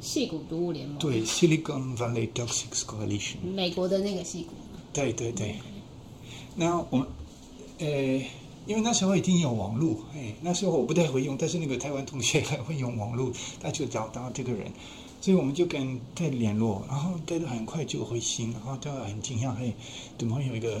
矽谷毒物聯盟。對，Silicon Valley Toxics Coalition。美國的那個矽谷。對對對。嗱，我們，呃，因為那時候已經有網路，哎，那時候我不太會用，但是那個台灣同學還會用網路，他就找到這個人，所以我們就跟他聯絡然，然後他很快就回信，然後他很驚訝，怎點解有一個？